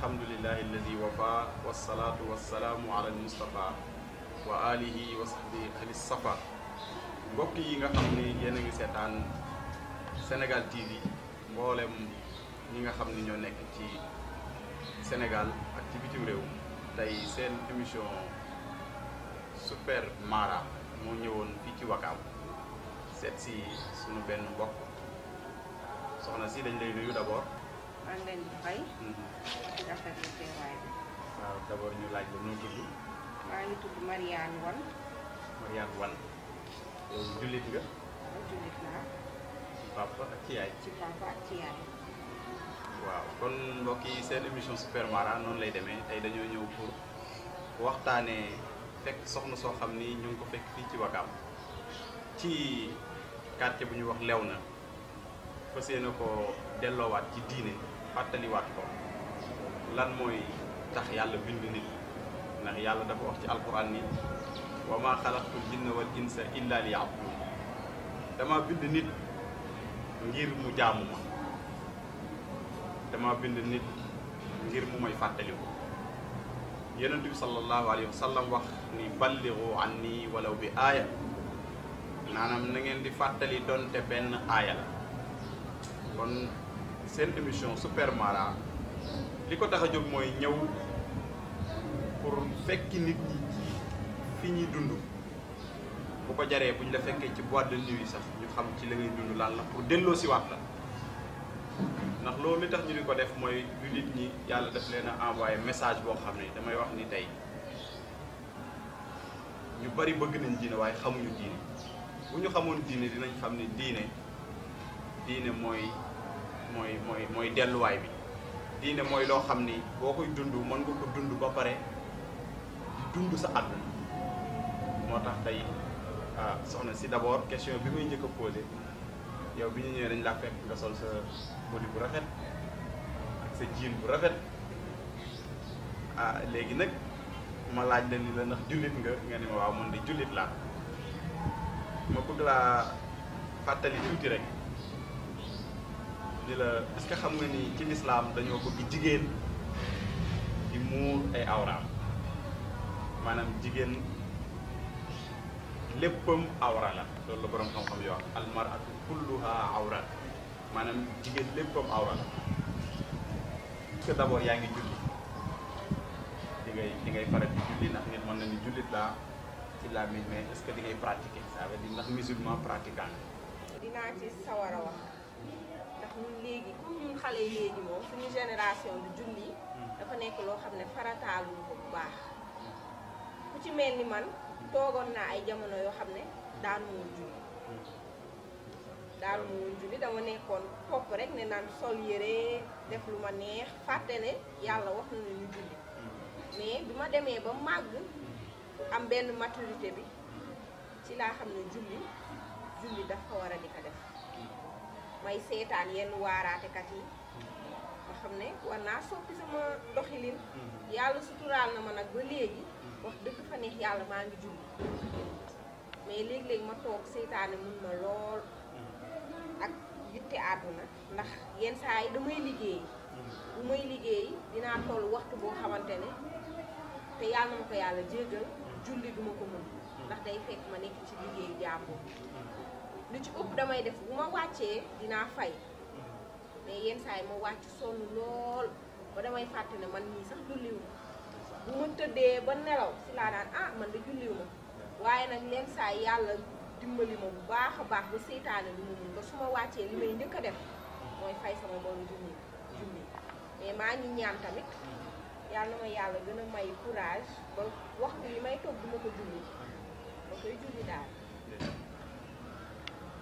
الحمد لله الذي وفى والصلاة والسلام على المصطفى وآله وصحبه أهل الصفا بوك ييغا خامني يينغ سيتان سينغال تي في مبولم نيغا خامني ньо نيك تي سينغال اكتيفيتي ريو تاي سين ايميشن سوبر مارا مو نيوون في تي واكام سيت سي سونو بن بوك soxna si dañ lay nuyu d' abord maa ngi leen di fay. di rafetlu teewaay waaw d'abord ñu laaj ba noo tudd. maa ngi tudd Mariane Wan. Mariane Wan. yow jullit nga. waaw jullit naa. ci papa ak ci yaay. waaw kon mbokk yi seen émission Super noonu lay demee tey dañoo ñëw pour waxtaanee fekk soxna soo xam ni ñu ngi ko fekk fii ci Wakaam ci quartier bu ñuy wax Léona fas yéene ko delloowaat ci diine. wat ko lan moy tax yalla bind nit ndax yalla dafa wax ci alquran ni wa ma khalaqtul jinna wal insa illa li dama bind nit ngir mu jamu ma dama bind nit ngir mu may ko yenen tib sallallahu alayhi wasallam wax ni ballighu anni walaw bi aya maanaam na ngeen di fàttali donte don teben la kon seen émission Super Mara li ko tax a jóg mooy ñëw pour fekki nit ñi fi ñuy dund bu ko jaree bu ñu la fekkee ci boîte de nuit sax ñu xam ci la ngay dund laal la pour delloo si waat la ndax loolu li tax ñu di ko def mooy yu nit ñi yàlla def leen a envoyé message boo xam ne damay wax ni tey ñu bari bëgg nañ diine waaye xamuñu diine bu ñu xamoon diine dinañ xam ne diine diine mooy mooy mooy mooy delluwaay bi diine mooy loo xam ni boo koy dund mën nga dund ba pare dund sa àdduna moo tax tey ah, soxna si d'abord question bi muy njëkk a posé yow bi ñu ñëwee dañ laa fekk nga sol sa modi bu rafet ak sa jiin bu rafet ah léegi nag ma laaj la ni la ndax jullit nga nga ne ma waaw man de jullit laa ma bëgg laa fàttali tuuti rek di la est ce xam nga ni ci lislaam dañoo bëgg jigéen di muur ay awraam maanaam jigéen léppam awra la loolu la borom xam-xam yoo al maratu kulluha awra maanaam jigéen léppam awra la est ce que d' abord yaa ngi julli di ngay di ngay faral di julli ndax nit mën na ni jullit laa ci laa mais est ce que di ngay pratiquer ça veut dire ndax musulman pratiquant dinaa ci sawar a wax ñun léegi comme ñun xale léegi moom suñu génération bi julli hmm. dafa nekk loo xam ne farataalu ko bu baax ku ci mel ni man toogoon naa ay jamono yoo xam ne daanu mu julli dama nekkoon fopp rek ne naan sol yére def lu ma neex fàtte ne yàlla wax na ñu julli mais bi ma demee ba màgg am benn maturité bi ci laa xam ne julli julli dafa war a di ko def may seetaan yenn waaraatekat yi ma xam ne war naa soppi sama doxilin mm-hmm. yàlla suturaal na ma nag ba léegi mm-hmm. wax dëgg fa neex yàlla maa ngi julli mais léegi-léegi ma toog seytaane mun ma lool mm-hmm. ak yitte àdduna ndax yenn saa yi damay liggéey bu may liggéey dinaa toll waxtu boo xamante ne te yàlla na ma ko yàlla jéggal julli duma ko mën ndax day fekk ma nekk ci liggéeyu jàmbur lu ci ëpp damay def bu ma wàccee dinaa fay mhm. mais yenn saa yi ma wàcc sonn lool ba damay fàtte ne man mii sax julliwu bu ma tëddee ba nelaw si laa daan ah man de julliwu ma waaye nag yenn saa yàlla dimbali ma bu baax a baax ba seytaane lu mu ba su ma wàccee li may njëkk a def mooy fay sama mboolu junni junni mais maa ngi ñaan tamit mhm. yàlla na ma yàlla gën a may courage ba waxtu yi may toog du ko julli ma koy julli daal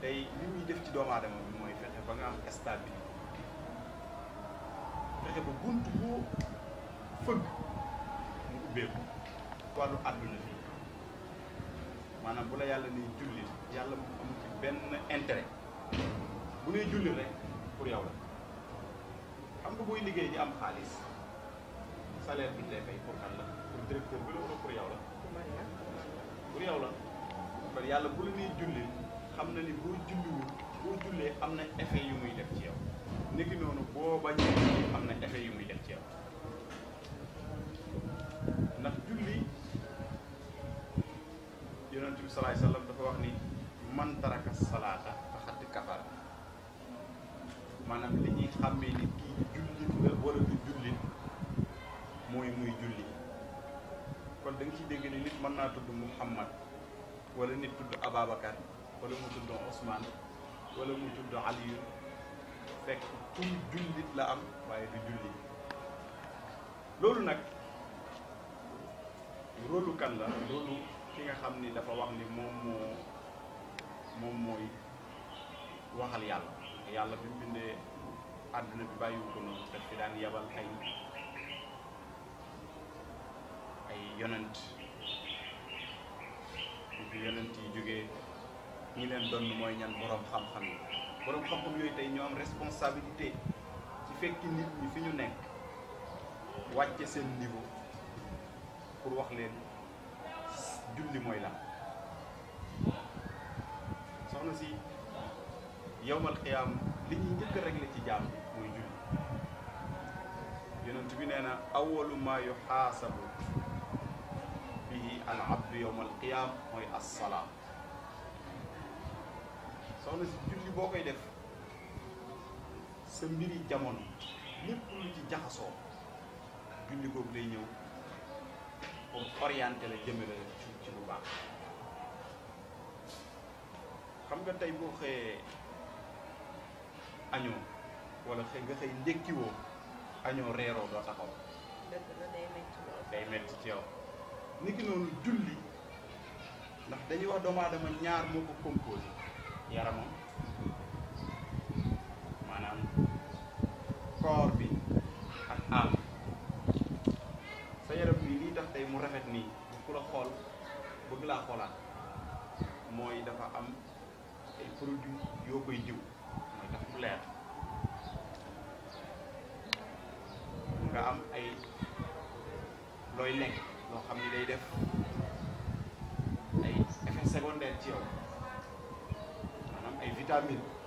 tey li muy def ci doomu aadama mooy fexe ba nga am stabilité fexe ba bunt boo fëgg mu ubbeeku wàllu àdduna fi maanaam bu la yàlla ni julli yàlla mu am ci benn intérêt bu ne jullit rek pour yow la xam nga booy liggéey di am xaalis salaire bi lay fay pour kan la pour directeur bi la wala pour yow la pour yow la kon yàlla bu la ne julli amna ni bo julliwul boo jullee am na effet yu muy def ci yow niki nonu bo bañee julli am effet yu muy def ci yow ndax julli yonent bi alayhi wasallam dafa wax ni man taraka salaata faxat kafar manam li ñi xamé ni ki julli nga wala du julli moy muy julli kon dang ci dégg ni nit man na tuddu muhammad wala nit tuddu ababakar wala mu tudd Ousmane wala mu tudd Aliyu fekk kum jullit la am waaye du jullit loolu nag rôlu kan la rôlu ki nga xam ni dafa wax ni moom moom mooy waxal yàlla yàlla bi mu bindee àdduna bi bàyyiwu ko noonu daf fi daan yabal ay ay yonent bu fi yonent yi jógee ñi leen doon mooy ñan boroom xam-xam yi borom xam-xam yooyu tey ñoom responsabilité ci fekki nit ñi fi ñu nekk wàcce seen niveau pour wax leen julli mooy lan soxna si yowmal xiyaam li ñuy njëkk a ci jaam bi mooy julli yonent bi nee na awalu maa yuxaasabu bihi al abdu yowmal xiyaam mooy assalaam soxna julli boo koy def sa mbiri jamono lépp lu ci jaxasoo julli googu day ñëw pour orienter la jëme ci ci bu baax xam nga tey boo xëyee añoo wala xëy nga xëy ndékkiwoo añoo reeroo doo taxaw day metti ci yow niki noonu julli ndax dañuy wax doomu aadama ñaar moo ko composé yaramam maanaam koor bi ak am sa yaram bi lii tax tey mu rafet nii ku la xool bëgg laa xoolaat mooy dafa am ay produit yoo koy diw mooy tax mu leer nga am ay looy lekk loo xam ni day def ay effet secondaire ci yow ay vitamines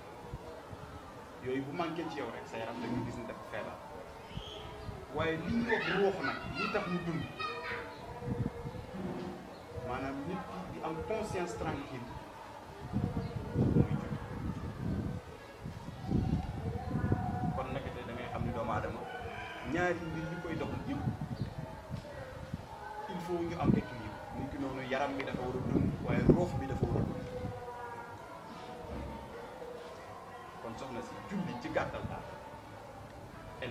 yooyu bu manqué ci yow rek sa yaram dañuy gis ni dafa feebar waaye li ñuy wax ruux nag li tax mu dund maanaam nit di am conscience tranquille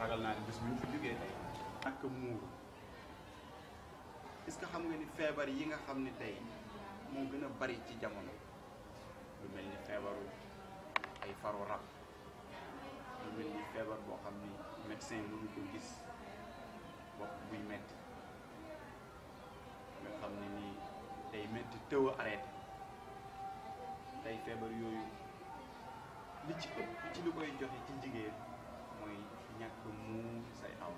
ragal naa ne bés bu ñu fi jógee tey takk muur est-ce xam nga ni feebar yi nga xam ni tey moo gën a bari ci jamono lu mel ni feebaru ay faru rab lu mel ni feebar boo xam ni lu mënu ko gis bopp buy metti nga xam ne nii day metti tëw a tey feebar yooyu li ci ëpp ci lu koy joxe ci jigéen mooy ñàkk muur say aw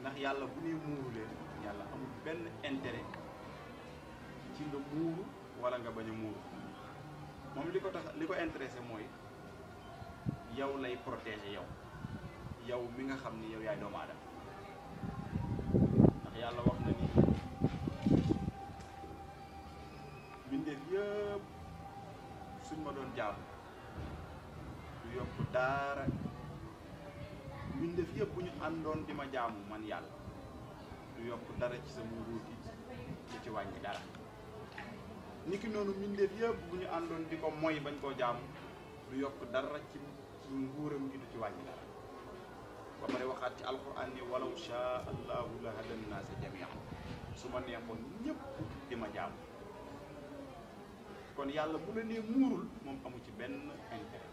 ndax yàlla bu ñuy muuru leen yàlla amul benn intérêt ci nga muuru wala nga bañ a muuru moom li ko tax li ko intéressé mooy yow lay protéger yow yow mi nga xam ni yow yaay doomu man di jaamu man yalla du yok dara ci sama nguur ci ci wañi dara niki nonu mbindeef yeb buñu andon diko moy bañ ko jaamu du yok dara ci ci nguuram gi du ci wañi dara ba bari waxat ci alquran ni walaw sha allah la hadan nas jami'a suma neexon ñepp dima di jaamu kon yalla bu la ne murul mom amu ci ben intérêt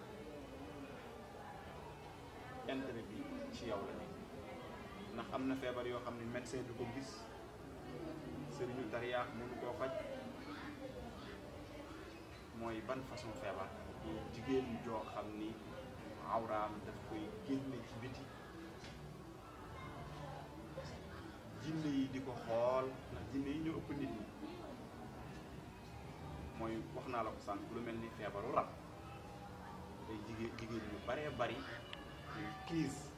intérêt bi ci yow la nekk ndax na feebar yoo xam ne médecin du ko gis sëriñu tariyaax mënu ko fajj moy ban façon febar jigen jo xamni ni awraam daf koy génne ci biti jinne yi di xol na ndax jinne yi ñu upp nit ñi moy waxna la ko sànq lu melni ni rap rab day jigen jigéen ñu bare bari crise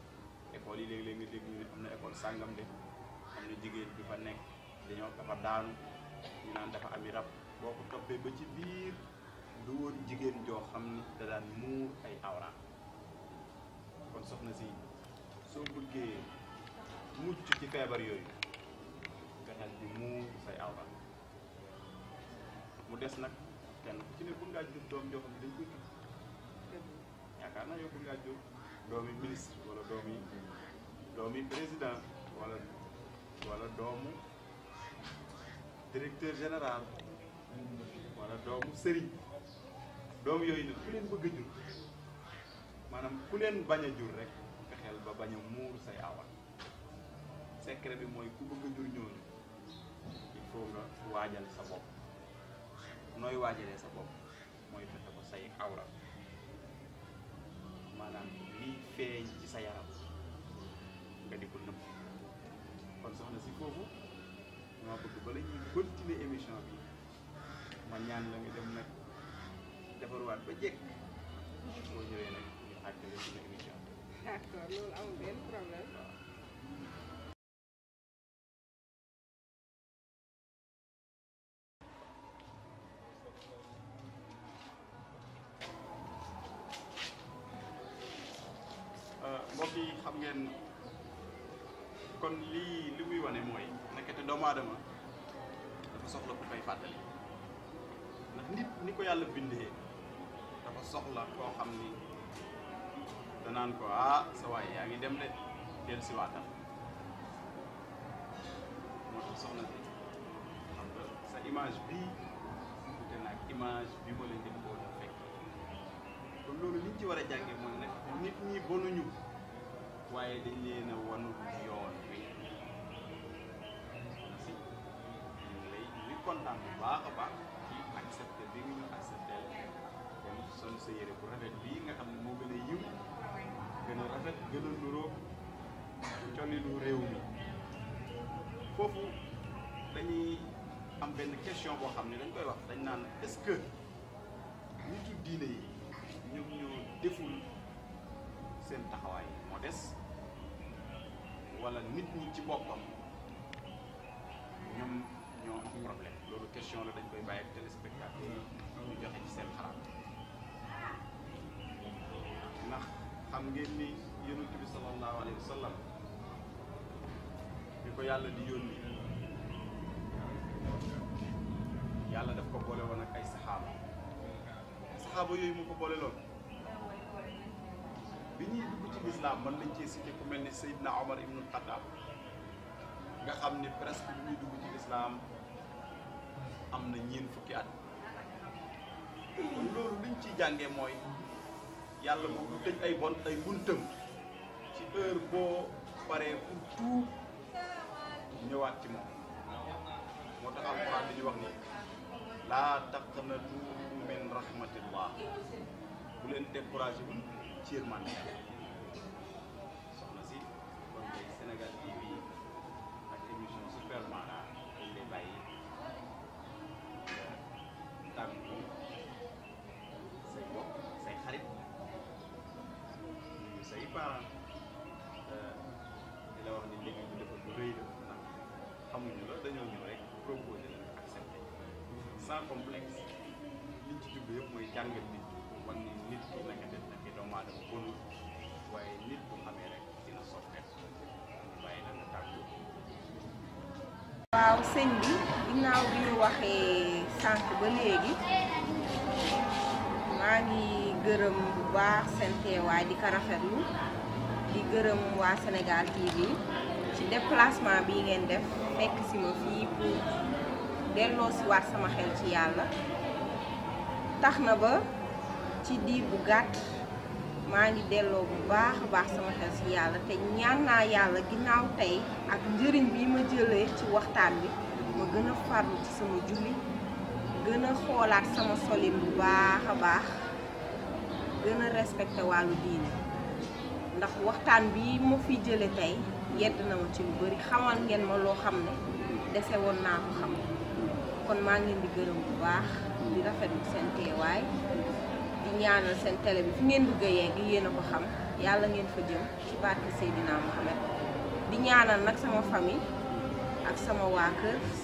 école yi léegi léegi nga dégg ñu amna école sangam de amna na jigéen bi fa nek dañu dafa daanu ñu naan dafa ami rap boku topé ba ci biir du won jigéen jo xamni da daan muur ay awra kon soxna ci so bëggé mucc ci fébar yoy nga dal di muur say awra mu dess nak kenn ku ci ne bu nga jox dom joo xam ne dañ koy yaakaar naa yow bëgg ngaa jur domi ministre wala domi, domi président wala wala domu, directeur général wala domu sëriñ doom yooyu nag ku leen bëgg a jur maanaam ku leen bañ a jur rek fexeel ba bañ a muur say awal secret bi mooy ku bëgg a jur ñooñu il faut nga waajal sa bopp nooy waajalee sa bopp mooy fexe ko say awra maanaam liy feeñ ci sa yaram nga di ko nëbb kon soxna si foofu maa bëgg bala ñuy continuer émission bi ma ñaan la nga dem nag defarwaat ba jekk boo ñëwee nag ñu àggale suñu émission. d'accord loolu amul benn kon lii li muy wane mooy nekkete doomu aadama dafa soxla ku koy fàttali ndax nit ni ko yàlla bindee dafa soxla koo xam ni danaan ko ah sa waay yaa ngi dem de del si waatal moo tax soxna si sa image bii te nag image bi ma leen di mboolu fekk kon loolu liñ ci war a jànge mooy nag nit ñi bonuñu waaye dañ leen a wanu yoon kontaan bu baax a baax ci accepté bi nga ñu accepté kon sol sa yére bu rafet bii nga xam ne moo gën a yiw gën a rafet gën a nuróo colinu réew mi foofu dañuy am benn question boo xam ne dañ koy wax dañ naan est-ce que nitu diine yi ñoom ñoo deful seen taxawaay moo des walla nit ñi ci boppam ñoom ñoo am problème loolu question la dañ koy bàyyi ak téléspectateur yi ñu joxe ci seen xalaat ndax xam ngeen ni yonent bi sallallahu alayhi wa sallam ko yàlla di yónni yàlla daf ko boole woon ak ay saxaaba saxaaba yooyu mu ko boole loon bi ñuy dugg ci lislaam mën nañ cee cité ku mel ni Seydina Omar ibnul Xattaab nga xam ni presque bi ñuy dugg ci lislaam am na ñeen fukki at loolu liñ ci jànge mooy yàlla moom du tëj ay bon ay buntam ci heure boo paree pour tuub ñëwaat ci moom moo tax alxuraan li ñu wax nii laa taqnatu min rahmatillah bu leen découragé bu ci yërmande soxna si kon tey Sénégal TV ak émission Super Mara dañ lay bàyyi kaamil bi say bokk say xarit nuyu dañoo ñëw rek mooy jàngal nit waaye nit bu xamee rek dina soppeeku bàyyi la nga tàggu waaw sëñ bi ginnaaw bi ñu waxee sànq ba léegi maa ngi gërëm bu baax seen teewaay di ko rafetlu di gërëm waa Sénégal TV ci déplacement bi ngeen def fekk si ma fii pour delloo si waat sama xel ci yàlla tax na ba ci diir bu gàtt maa ngi delloo bu baax baax sama xel si yàlla te ñaan naa yàlla ginnaaw tey ak njëriñ bi ma jëlee ci waxtaan bi gën a farlu ci sama julli gën a xoolaat sama solin bu baax a baax gën a respecté wàllu diine ndax waxtaan bi ma fi jële tey yedd na ma ci lu bari xamal ngeen ma loo xam ne dese woon naa ko xam kon maa ngi leen di gërëm bu baax di rafetlu seen teewaay di ñaanal seen télé bi fi ngeen bëgg a yegg yéen a ko xam yàlla ngeen fa jëm ci barke Seydina Mohamed di ñaanal nag sama famille sama waa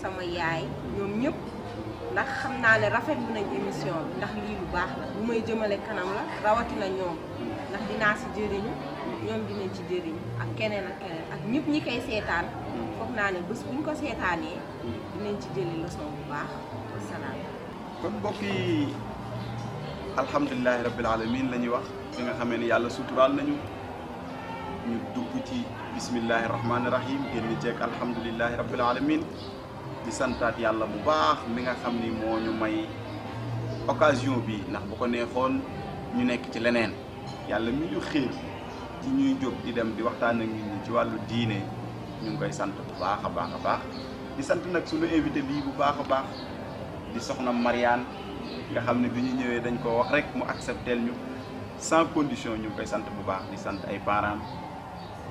sama yaay ñoom ñëpp ndax xam naa ne rafetlu nañ émission bi ndax lii lu baax la bu may jëmale kanam la rawatina ñoom ndax dinaa si jëriñu ñoom dinañ ci jëriñu ak keneen ak keneen ak ñëpp ñi koy seetaan foog naa ne bés buñ ko seetaanee dinañ ci jëli leçon bu baax wasalaam kon mbokk yi alhamdulilahi rabbil alamin la ñuy wax bi nga ni yàlla suturaal nañu ñu dugg ci bismillahi rahmaani rahim génn ceeg alhamdulillahi rabbil alamin di santaat yàlla bu baax mi nga xam ni ñu may occasion bi nak bu ko neexoon ñu nekk ci leneen yàlla mi ñu xiir ci ñuy jóg di dem di waxtaan ak nit ñi ci wàllu diine ñu ngi koy sant bu baax a baax di sant nag suñu invité bii bu baax di soxna Mariane nga bi ñu dañ ko wax rek mu acceptel ñu sans condition ñu ngi koy sant bu baax di sant ay parents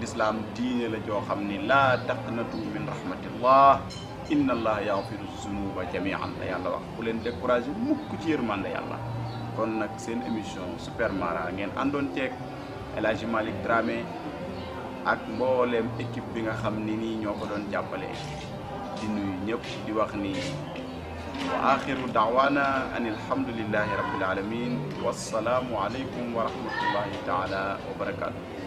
lislaam diine la joo xam ni laa taqnatu min rahmatillah inna allah yaghfiru zunuba jamian la yàlla wax bu leen découragé mukk ci yërmande yàlla kon nag seen émission Super ngeen àndoon ceeg El Hadji Malick ak mbooleem équipe bi nga xam ni nii ñoo ko doon jàppale di nuyu ñëpp di wax ni wa axiru daawaana an alhamdulillahi rabbil alamin wassalaamu aleykum wa rahmatullahi taala wa barakaatu